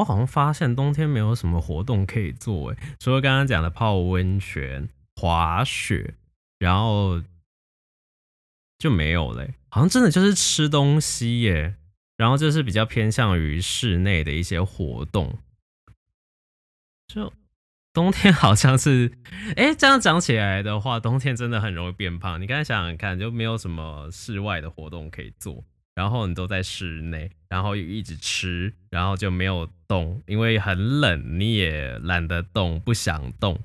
我好像發現冬天沒有什麼活動可以做誒，除了剛剛講的泡溫泉、滑雪，然後就沒有嘞。好像真的就是吃東西耶，然後就是比較偏向於室內的一些活動。就冬天好像是，哎、欸，這樣講起來的話，冬天真的很容易變胖。你剛才想想看，就沒有什麼室外的活動可以做。然後你都在室內，然後又一直吃，然後就沒有動，因為很冷，你也懶得動，不想動。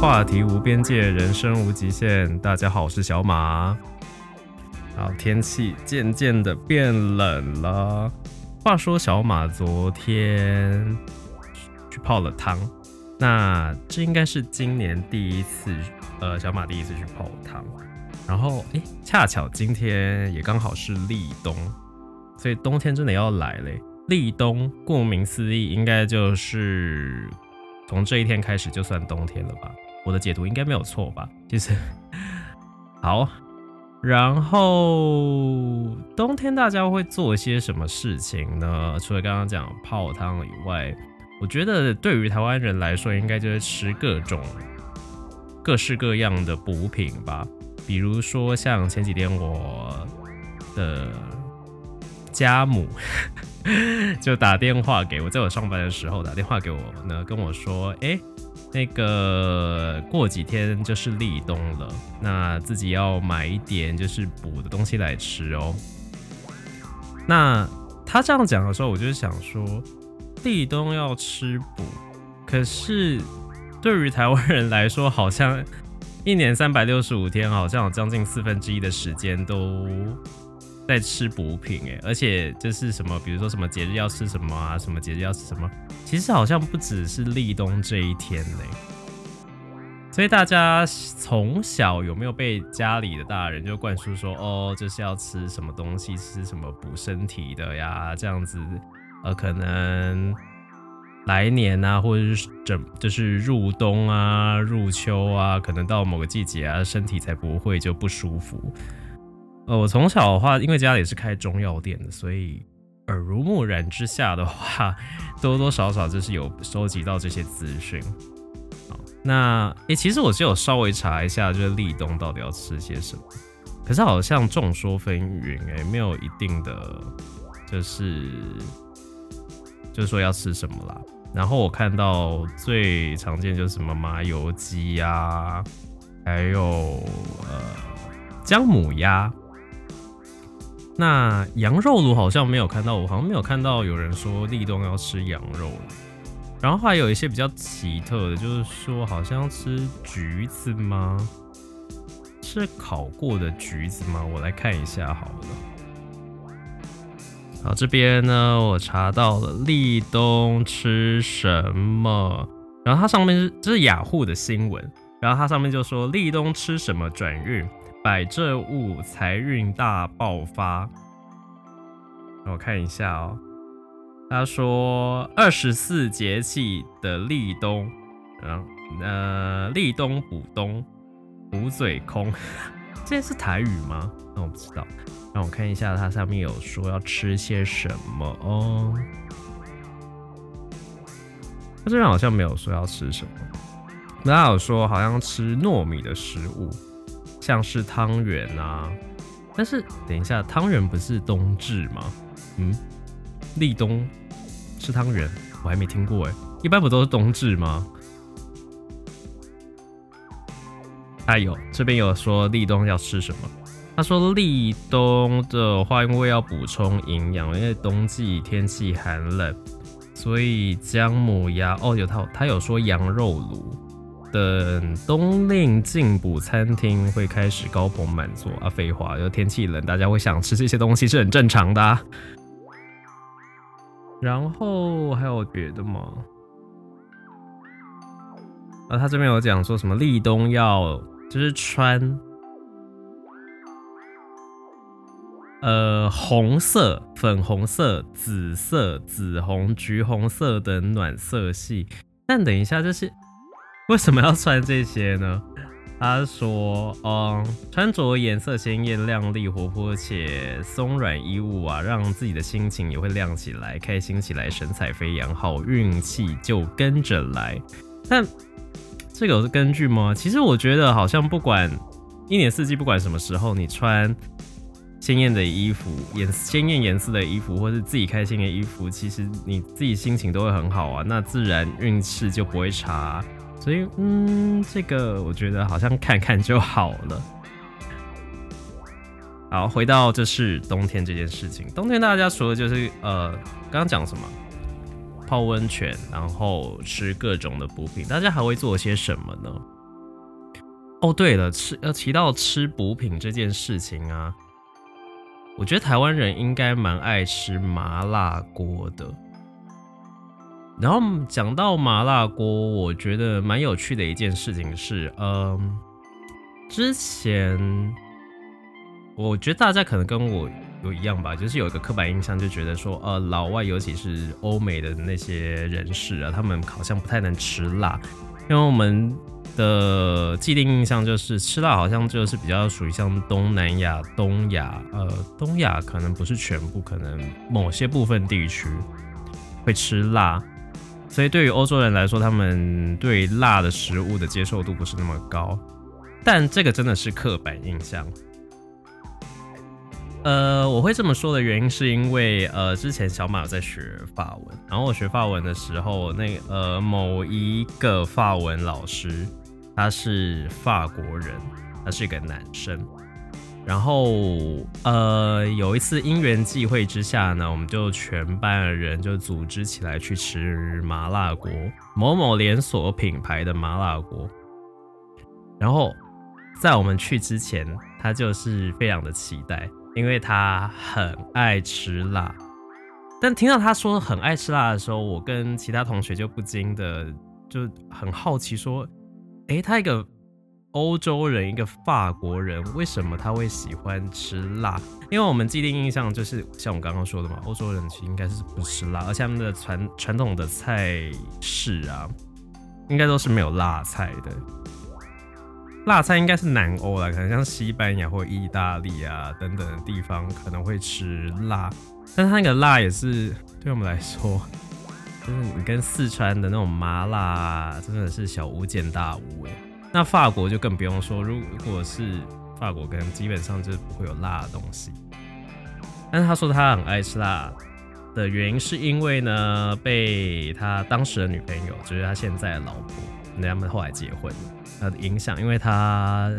話題無邊界，人生無極限。大家好，我是小馬。然後天氣漸漸的變冷了。話說小馬昨天去泡了湯，那這應該是今年第一次，呃，小馬第一次去泡湯。然後哎、欸，恰巧今天也剛好是立冬，所以冬天真的要來嘞。立冬顧名思義，應該就是。從這一天開始就算冬天了吧，我的解讀應該沒有錯吧？就是好，然後冬天大家會做些什麼事情呢？除了剛剛講泡湯以外，我覺得對於台灣人來說，應該就是吃各種各式各樣的補品吧，比如說像前幾天我的家母。 就打電話給我，在我上班的時候打電話給我，呢，跟我說，哎、欸，那個過幾天就是立冬了，那自己要買一點就是補的東西來吃哦、喔。那他這樣講的時候，我就想說，立冬要吃補，可是對於台灣人來說，好像一年三百六十五天，好像有將近四分之一的時間都。在吃補品哎、欸，而且就是什麼？比如說什麼節日要吃什麼啊？什麼節日要吃什麼？其實好像不只是立冬這一天呢、欸。所以大家從小有沒有被家裡的大人就灌輸說，哦，這是要吃什麼東西，吃什麼補身體的呀？這樣子，呃，可能來年啊，或者是整就是入冬啊、入秋啊，可能到某個季節啊，身體才不會就不舒服。呃，我從小的話，因為家裡也是開中藥店的，所以耳濡目染之下的話，多多少少就是有收集到這些資訊。好，那誒、欸，其實我是有稍微查一下，就是立冬到底要吃些什麼，可是好像眾說紛紜，誒，沒有一定的，就是就說要吃什麼啦。然後我看到最常見就是什麼麻油雞呀、啊，還有呃薑母鴨。那羊肉爐好像沒有看到，我好像沒有看到有人說立冬要吃羊肉。然後還有一些比較奇特的，就是說好像吃橘子嗎？是烤過的橘子嗎？我來看一下好了。好，這邊呢，我查到了立冬吃什麼。然後它上面是這是雅虎的新聞，然後它上面就說立冬吃什麼轉運。擺正物，財運大爆發。讓我看一下哦。他說二十四節氣的立冬，然、嗯、後呃立冬補冬，補嘴空。這 是台語嗎？那我不知道。讓我看一下，它上面有說要吃些什麼哦。它、哦、這邊好像沒有說要吃什麼。那有說好像吃糯米的食物。像是湯圓啊，但是等一下，湯圓不是冬至嗎？嗯，立冬吃湯圓，我還沒聽過哎、欸，一般不都是冬至嗎？哎呦，這邊有說立冬要吃什麼？他說立冬的話，因為要補充營養，因為冬季天氣寒冷，所以薑母鴨。哦，有套，他有說羊肉爐。等冬令進補餐廳會開始高朋滿座啊！廢話，就是、天氣冷，大家會想吃這些東西是很正常的、啊。然後還有別的嗎？啊，他這邊有講說什麼立冬要就是穿，呃，紅色、粉紅色、紫色、紫紅、橘紅色等暖色系。但等一下，就是。為什麼要穿這些呢？他說：“嗯，穿着顏色鮮艷、亮麗、活潑且鬆軟衣物啊，讓自己的心情也會亮起來，開心起來，神采飛揚，好運氣就跟着來。”但這個有根據嗎？其實我覺得，好像不管一年四季，不管什麼時候，你穿鮮艷的衣服、顏鮮艷顏色的衣服，或是自己開心的衣服，其實你自己心情都會很好啊，那自然運氣就不會差。所以，嗯，這個我覺得好像看看就好了。好，回到就是冬天這件事情。冬天大家除了就是呃，剛剛講什麼泡溫泉，然後吃各種的補品，大家還會做些什麼呢？哦，對了，吃，呃，提到吃補品這件事情啊，我覺得台灣人應該蠻愛吃麻辣鍋的。然後講到麻辣鍋，我覺得蠻有趣的一件事情是，嗯、呃，之前我覺得大家可能跟我有一樣吧，就是有一個刻板印象，就覺得說，呃，老外尤其是歐美的那些人士啊，他們好像不太能吃辣，因為我們的既定印象就是吃辣好像就是比較屬於像東南亞、東亞，呃，東亞可能不是全部，可能某些部分地區會吃辣。所以對於歐洲人來說，他們對辣的食物的接受度不是那麼高，但這個真的是刻板印象。呃，我會這麼說的原因是因為，呃，之前小馬有在學法文，然後我學法文的時候，那呃某一個法文老師，他是法國人，他是一個男生。然後，呃，有一次因緣際會之下呢，我們就全班的人就組織起來去吃麻辣鍋，某某連鎖品牌的麻辣鍋。然後，在我們去之前，他就是非常的期待，因為他很愛吃辣。但聽到他說很愛吃辣的時候，我跟其他同學就不禁的就很好奇說，誒、欸，他一個。歐洲人一個法國人為什麼他會喜歡吃辣？因為我們既定印象就是像我剛剛說的嘛，歐洲人其實應該是不吃辣，而且他們的傳傳統的菜式啊，應該都是沒有辣菜的。辣菜應該是南歐啦，可能像西班牙或意大利啊等等的地方可能會吃辣，但是他那個辣也是對我們來說，就是你跟四川的那種麻辣，真的是小巫見大巫欸。那法國就更不用說，如果是法國，可能基本上就是不會有辣的東西。但是他說他很愛吃辣的原因，是因為呢，被他當時的女朋友，就是他現在的老婆，他們後來結婚，他的影響，因為他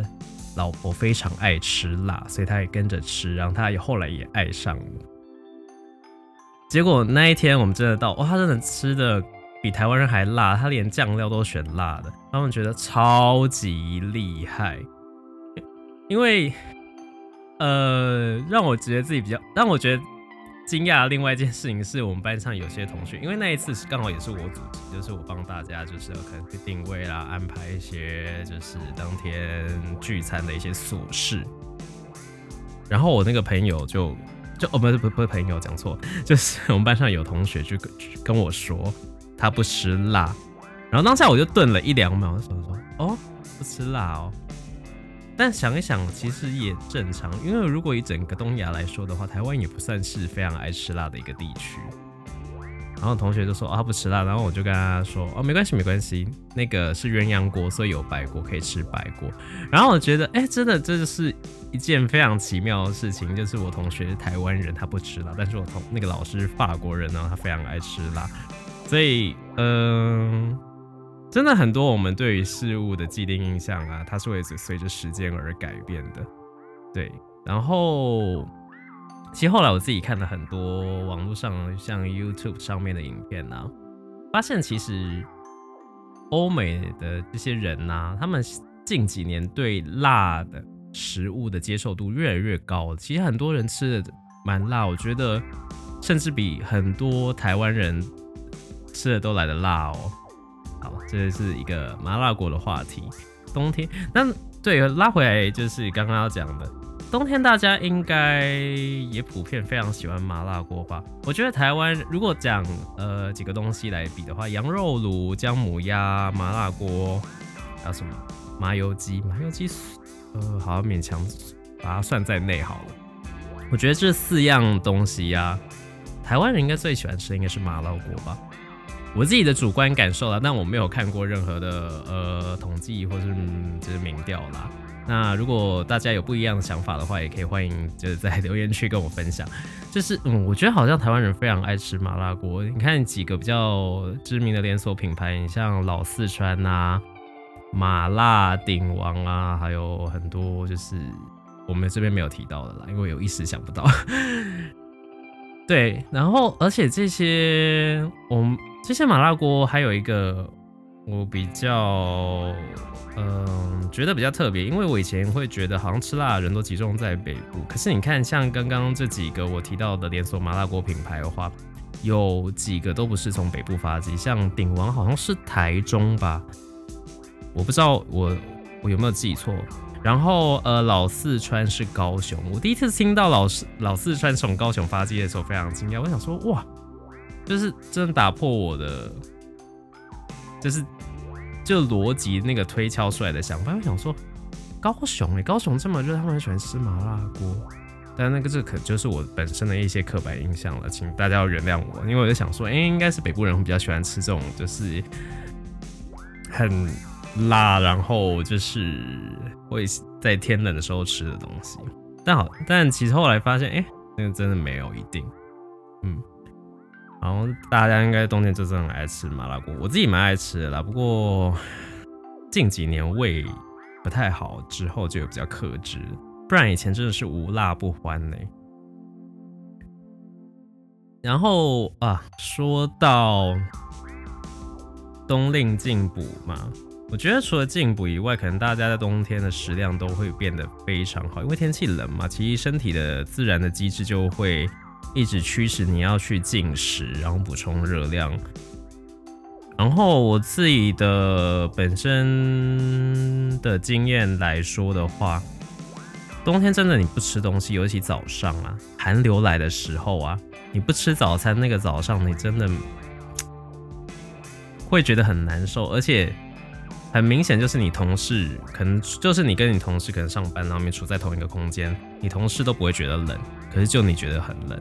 老婆非常愛吃辣，所以他也跟着吃，然後他也後來也愛上了。結果那一天我們真的到，哇、哦，他真的吃的。比台灣人還辣，他連醬料都選辣的，他們覺得超級厲害。因為，呃，讓我覺得自己比較讓我覺得驚訝的另外一件事情是，我們班上有些同學，因為那一次是剛好也是我組織，就是我幫大家就是可能去定位啦，安排一些就是當天聚餐的一些瑣事。然後我那個朋友就就我們，哦，不是不是不是朋友講錯，就是我們班上有同學就跟就跟我說。他不吃辣，然後當下我就頓了一兩秒，就說：“哦，不吃辣哦。”但想一想，其實也正常，因為如果以整個東亞來說的話，台灣也不算是非常愛吃辣的一個地區。然後同學就說：“啊、哦，不吃辣。”然後我就跟他說：“哦，沒關係，沒關係，那個是鴛鴦鍋，所以有白鍋可以吃白鍋。”然後我覺得，哎，真的，這就是一件非常奇妙的事情，就是我同學是台灣人，他不吃辣，但是我同那個老師是法國人，然後他非常愛吃辣。所以，嗯、呃，真的很多我們對於事物的既定印象啊，它是會隨隨着時間而改變的。對，然後其實後來我自己看了很多網絡上像 YouTube 上面的影片呢、啊，發現其實歐美的這些人呢、啊，他們近幾年對辣的食物的接受度越來越高。其實很多人吃得蠻辣，我覺得甚至比很多台灣人。吃的都來的辣哦，好，這是一個麻辣鍋的話題。冬天，那對拉回來就是剛剛要講的，冬天大家應該也普遍非常喜歡麻辣鍋吧？我覺得台灣如果講呃幾個東西來比的話，羊肉爐、薑母鴨、麻辣鍋，還有什麼麻油雞？麻油雞，呃，好勉強把它算在內好了。我覺得這四樣東西呀、啊，台灣人應該最喜歡吃的應該是麻辣鍋吧？我自己的主觀感受啦，但我沒有看過任何的呃統計或是、嗯、就是民調啦。那如果大家有不一樣的想法的話，也可以歡迎就是在留言區跟我分享。就是嗯，我覺得好像台灣人非常愛吃麻辣鍋。你看幾個比較知名的連鎖品牌，你像老四川啊、麻辣鼎王啊，還有很多就是我們這邊沒有提到的啦，因為有一時想不到。 對，然後而且這些我們。這些麻辣鍋還有一個我比較，嗯、呃，覺得比較特別，因為我以前會覺得好像吃辣的人都集中在北部，可是你看像剛剛這幾個我提到的連鎖麻辣鍋品牌的話，有幾個都不是從北部發跡，像鼎王好像是台中吧，我不知道我我有沒有記錯，然後呃老四川是高雄，我第一次聽到老四老四川從高雄發跡的時候非常驚訝，我想說哇。就是真的打破我的，就是就邏輯那個推敲出來的想法。我想說，高雄誒，高雄這麼熱，他們很喜歡吃麻辣鍋。但那個這個可能就是我本身的一些刻板印象了，請大家要原諒我。因為我就想說，誒、欸，應該是北部人比較喜歡吃這種就是很辣，然後就是會在天冷的時候吃的東西。但好，但其實後來發現，誒、欸，那個真的沒有一定，嗯。然後大家應該冬天就是很愛吃麻辣鍋，我自己蠻愛吃的啦。不過近幾年胃不太好，之後就比較克制。不然以前真的是無辣不歡欸。然後啊，說到冬令進補嘛，我覺得除了進補以外，可能大家在冬天的食量都會變得非常好，因為天氣冷嘛，其實身體的自然的機制就會。一直驅使你要去進食，然後補充熱量。然後我自己的本身的經驗來說的話，冬天真的你不吃東西，尤其早上啊，寒流來的時候啊，你不吃早餐那個早上，你真的會覺得很難受。而且很明顯就是你同事，可能就是你跟你同事可能上班，然後你處在同一個空間，你同事都不會覺得冷，可是就你覺得很冷。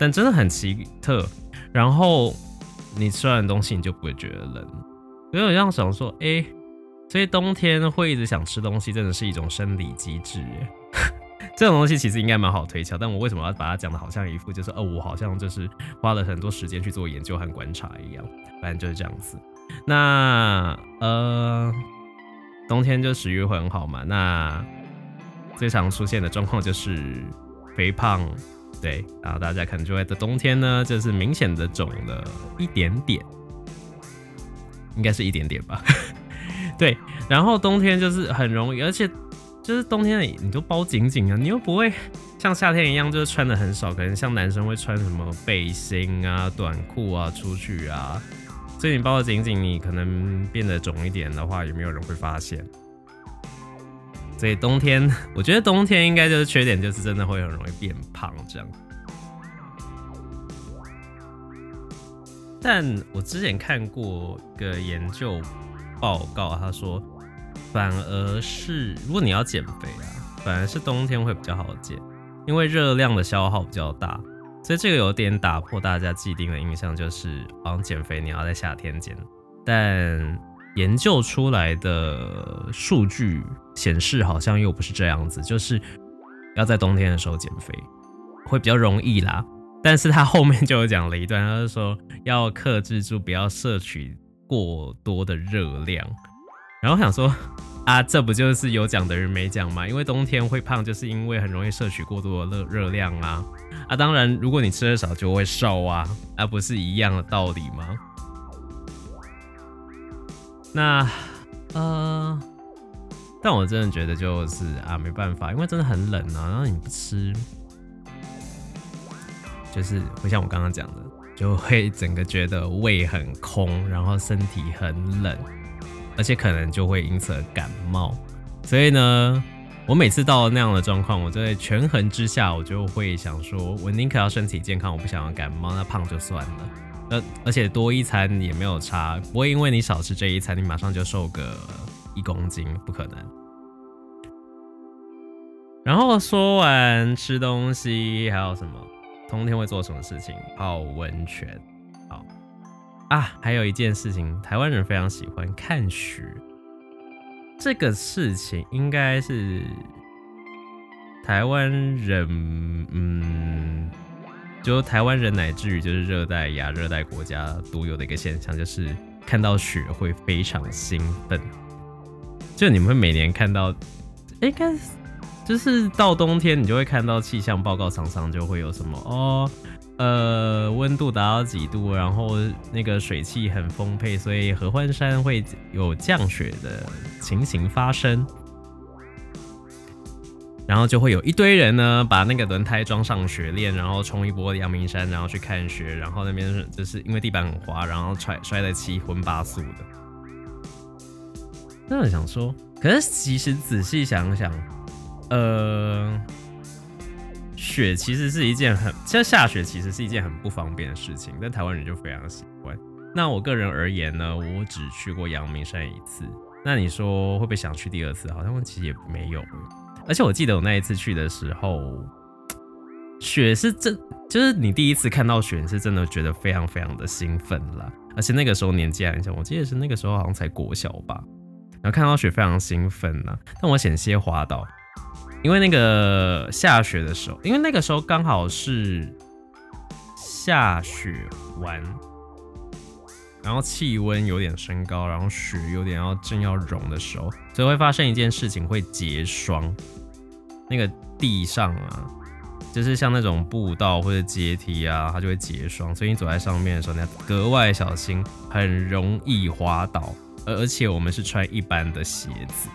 但真的很奇特，然後你吃完的東西你就不會覺得冷，所以我這樣想說，哎，所以冬天會一直想吃東西，真的是一種生理機制。 這種東西其實應該蠻好推敲，但我為什麼要把它講的好像一副就是，哦、呃，我好像就是花了很多時間去做研究和觀察一樣，反正就是這樣子。那呃，冬天就食慾會很好嘛，那最常出現的狀況就是肥胖。對，然後大家可能就會在冬天呢，就是明顯的腫了一點點，應該是一點點吧。 對，然後冬天就是很容易，而且就是冬天你就包緊緊啊，你又不會像夏天一樣就是穿的很少，可能像男生會穿什麼背心啊、短褲啊出去啊，所以你包的緊緊，你可能變得腫一點的話，有沒有人會發現？所以冬天，我覺得冬天應該就是缺點，就是真的會很容易變胖這樣。但我之前看過一個研究報告，他說反而是如果你要減肥啊，反而是冬天會比較好減，因為熱量的消耗比較大。所以這個有點打破大家既定的印象，就是好像減肥你要在夏天減，但。研究出來的數據顯示，好像又不是這樣子，就是要在冬天的時候減肥會比較容易啦。但是他後面就有講了一段，他就說要克制住，不要攝取過多的熱量。然後我想說，啊，這不就是有講的人沒講嗎？因為冬天會胖，就是因為很容易攝取過多的熱熱量啊。啊，當然，如果你吃的少就會瘦啊，那、啊、不是一樣的道理嗎？那，呃，但我真的覺得就是啊，沒辦法，因為真的很冷啊。然後你不吃，就是不像我剛剛講的，就會整個覺得胃很空，然後身體很冷，而且可能就會因此而感冒。所以呢，我每次到了那樣的狀況，我就會權衡之下，我就會想說，我寧可要身體健康，我不想要感冒，那胖就算了。而而且多一餐也沒有差，不會因為你少吃這一餐，你馬上就瘦個一公斤，不可能。然後說完吃東西，還有什麼？冬天會做什麼事情？泡溫泉。好啊，還有一件事情，台灣人非常喜歡看雪。這個事情應該是台灣人，嗯。就臺灣人乃至於就是熱帶亞熱帶國家獨有的一個現象，就是看到雪會非常興奮。就你們會每年看到，哎、欸，應該就是到冬天，你就會看到氣象報告，常常就會有什麼哦，呃，溫度達到幾度，然後那個水汽很豐沛，所以合歡山會有降雪的情形發生。然後就會有一堆人呢，把那個輪胎裝上雪鏈，然後衝一波陽明山，然後去看雪，然後那邊就是因為地板很滑，然後摔摔得七葷八素的。那我想說，可是其實仔細想想，呃，雪其實是一件很，其實下雪其實是一件很不方便的事情，但台灣人就非常喜歡。那我個人而言呢，我只去過陽明山一次，那你說會不會想去第二次？好像其實也沒有。而且我記得我那一次去的時候，雪是真，就是你第一次看到雪你是真的覺得非常非常的興奮啦。而且那個時候年紀還很小，我記得是那個時候好像才國小吧，然後看到雪非常興奮啦。但我險些滑倒，因為那個下雪的時候，因為那個時候剛好是下雪完。然後氣溫有點升高，然後雪有點要正要融的時候，所以會發生一件事情，會結霜。那個地上啊，就是像那種步道，或者階梯啊，它就會結霜。所以你走在上面的時候，你要格外小心，很容易滑倒。而而且我們是穿一般的鞋子，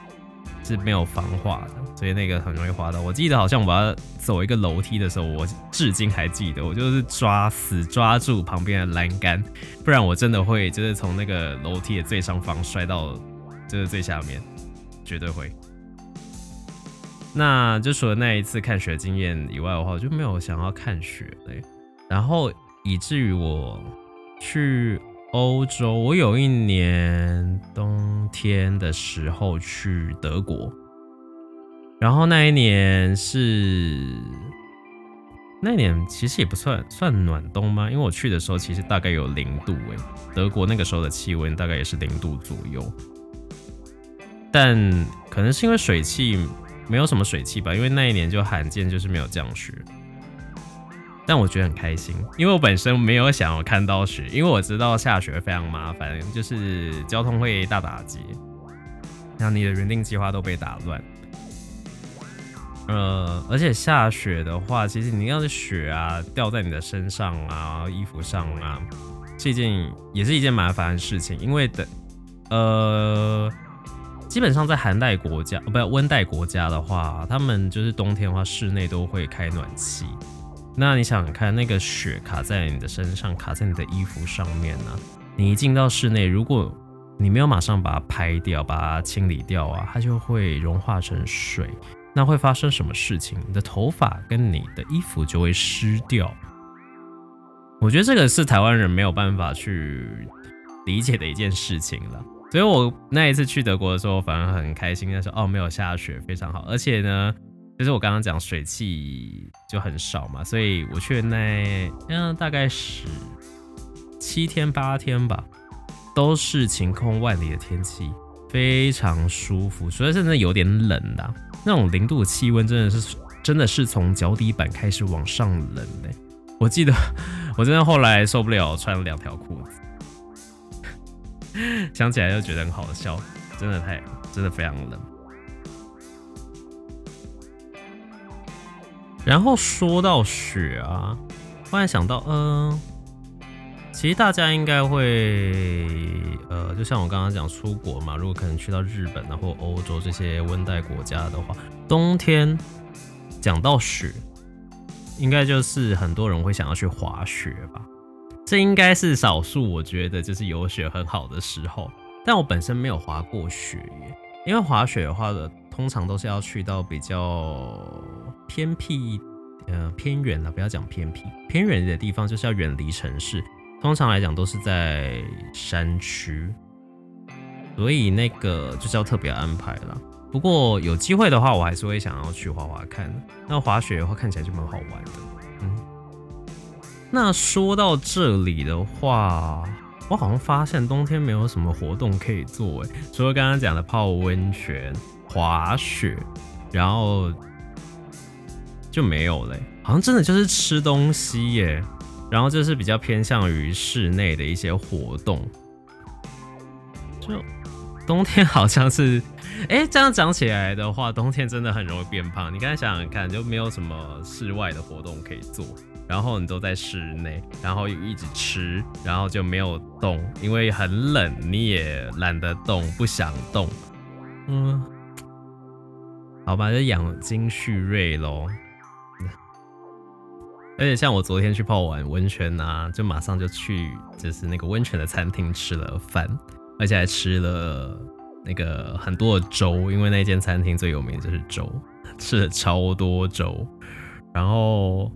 是沒有防滑的。所以那個很容易滑倒。我記得好像我要走一個樓梯的時候，我至今還記得，我就是抓死抓住旁邊的欄杆，不然我真的會就是從那個樓梯的最上方摔到就是最下面，絕對會。那就除了那一次看雪經驗以外的話，我就沒有想要看雪，對，然後以至於我去歐洲，我有一年冬天的時候去德國。然後那一年是那一年，其實也不算算暖冬嗎？因為我去的時候其實大概有零度哎、欸，德國那個時候的氣溫大概也是零度左右，但可能是因為水汽沒有什麼水汽吧，因為那一年就罕見，就是沒有降雪。但我覺得很開心，因為我本身沒有想要看到雪，因為我知道下雪非常麻煩，就是交通會大打擊，讓你的原定計劃都被打亂。呃，而且下雪的話，其實你要是雪啊掉在你的身上啊、衣服上啊，這件也是一件麻煩的事情，因為的，呃，基本上在寒帶國家、不、呃，溫帶國家的話，他們就是冬天的話室內都會開暖氣，那你想看那個雪卡在你的身上、卡在你的衣服上面呢、啊，你一進到室內，如果你沒有馬上把它拍掉、把它清理掉啊，它就會融化成水。那會發生什麼事情？你的頭髮跟你的衣服就會濕掉。我覺得這個是台灣人沒有辦法去理解的一件事情了。所以我那一次去德國的時候，反而很開心，那時候哦沒有下雪，非常好。而且呢，就是我剛剛講水汽就很少嘛，所以我去那嗯、呃、大概是七天八天吧，都是晴空萬里的天氣，非常舒服。所以真的有點冷啦。那種零度的氣溫真的是，真的是從腳底板開始往上冷的欸。我記得，我真的後來受不了，穿了兩條褲子。 想起來就覺得很好笑，真的太，真的非常冷。然後說到雪啊，忽然想到，嗯。其實大家應該會，呃，就像我剛剛講出國嘛，如果可能去到日本啊或歐洲這些溫帶國家的話，冬天講到雪，應該就是很多人會想要去滑雪吧？這應該是少數，我覺得就是有雪很好的時候。但我本身沒有滑過雪耶，因為滑雪的話呢，通常都是要去到比較偏僻，呃，偏遠的，不要講偏僻，偏遠的地方，就是要遠離城市。通常來講都是在山區，所以那個就是要特別安排了。不過有機會的話，我還是會想要去滑滑看。那滑雪的話，看起來就蠻好玩的。嗯，那說到這裡的話，我好像發現冬天沒有什麼活動可以做誒、欸，除了剛剛講的泡溫泉、滑雪，然後就沒有了、欸。好像真的就是吃東西耶、欸。然後就是比較偏向於室內的一些活動，就冬天好像是，誒，這樣講起來的話，冬天真的很容易變胖。你剛才想想看，就沒有什麼室外的活動可以做，然後你都在室內，然後又一直吃，然後就沒有動，因為很冷，你也懶得動，不想動。嗯，好吧，就養精蓄銳咯。而且像我昨天去泡完溫泉啊，就馬上就去就是那個溫泉的餐廳吃了飯，而且還吃了那個很多的粥，因為那間餐廳最有名就是粥，吃了超多粥。然後，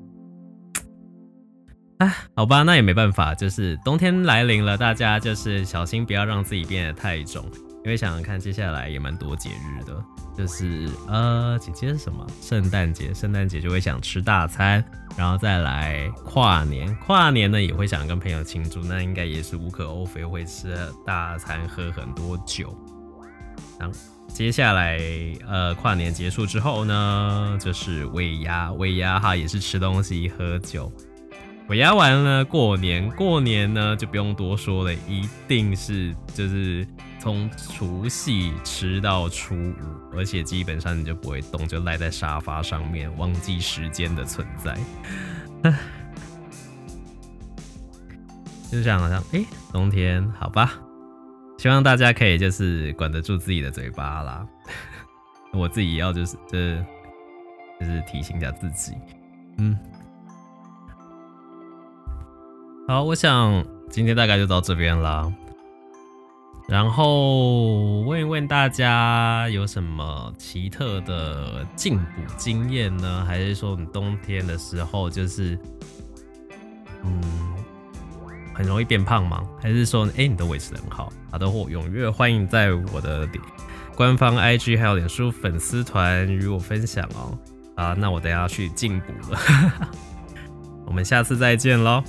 哎，好吧，那也沒辦法，就是冬天來臨了，大家就是小心不要讓自己變得太重。因為想想看，接下來也蠻多節日的，就是呃，緊接著是什麼？聖誕節，聖誕節就會想吃大餐，然後再來跨年，跨年呢也會想跟朋友慶祝，那應該也是無可厚非會吃大餐，喝很多酒。然後、嗯、接下來呃，跨年結束之後呢，就是尾牙，尾牙哈也是吃東西、喝酒。尾牙完了，過年，過年呢就不用多說了，一定是就是。從除夕吃到初五，而且基本上你就不會動，就賴在沙發上面，忘記時間的存在。 就想好像哎、欸，冬天好吧，希望大家可以就是管得住自己的嘴巴啦。 我自己要就是就是就是提醒一下自己，嗯，好，我想今天大概就到這邊啦。然後問一問大家有什麼奇特的進補經驗呢？還是說你冬天的時候就是嗯很容易變胖嗎？還是說哎你都維持得很好？好的，我、哦、踴躍歡迎在我的官方 IG 還有臉書粉絲團與我分享哦。啊，那我等下去進補了， 我們下次再見嘍。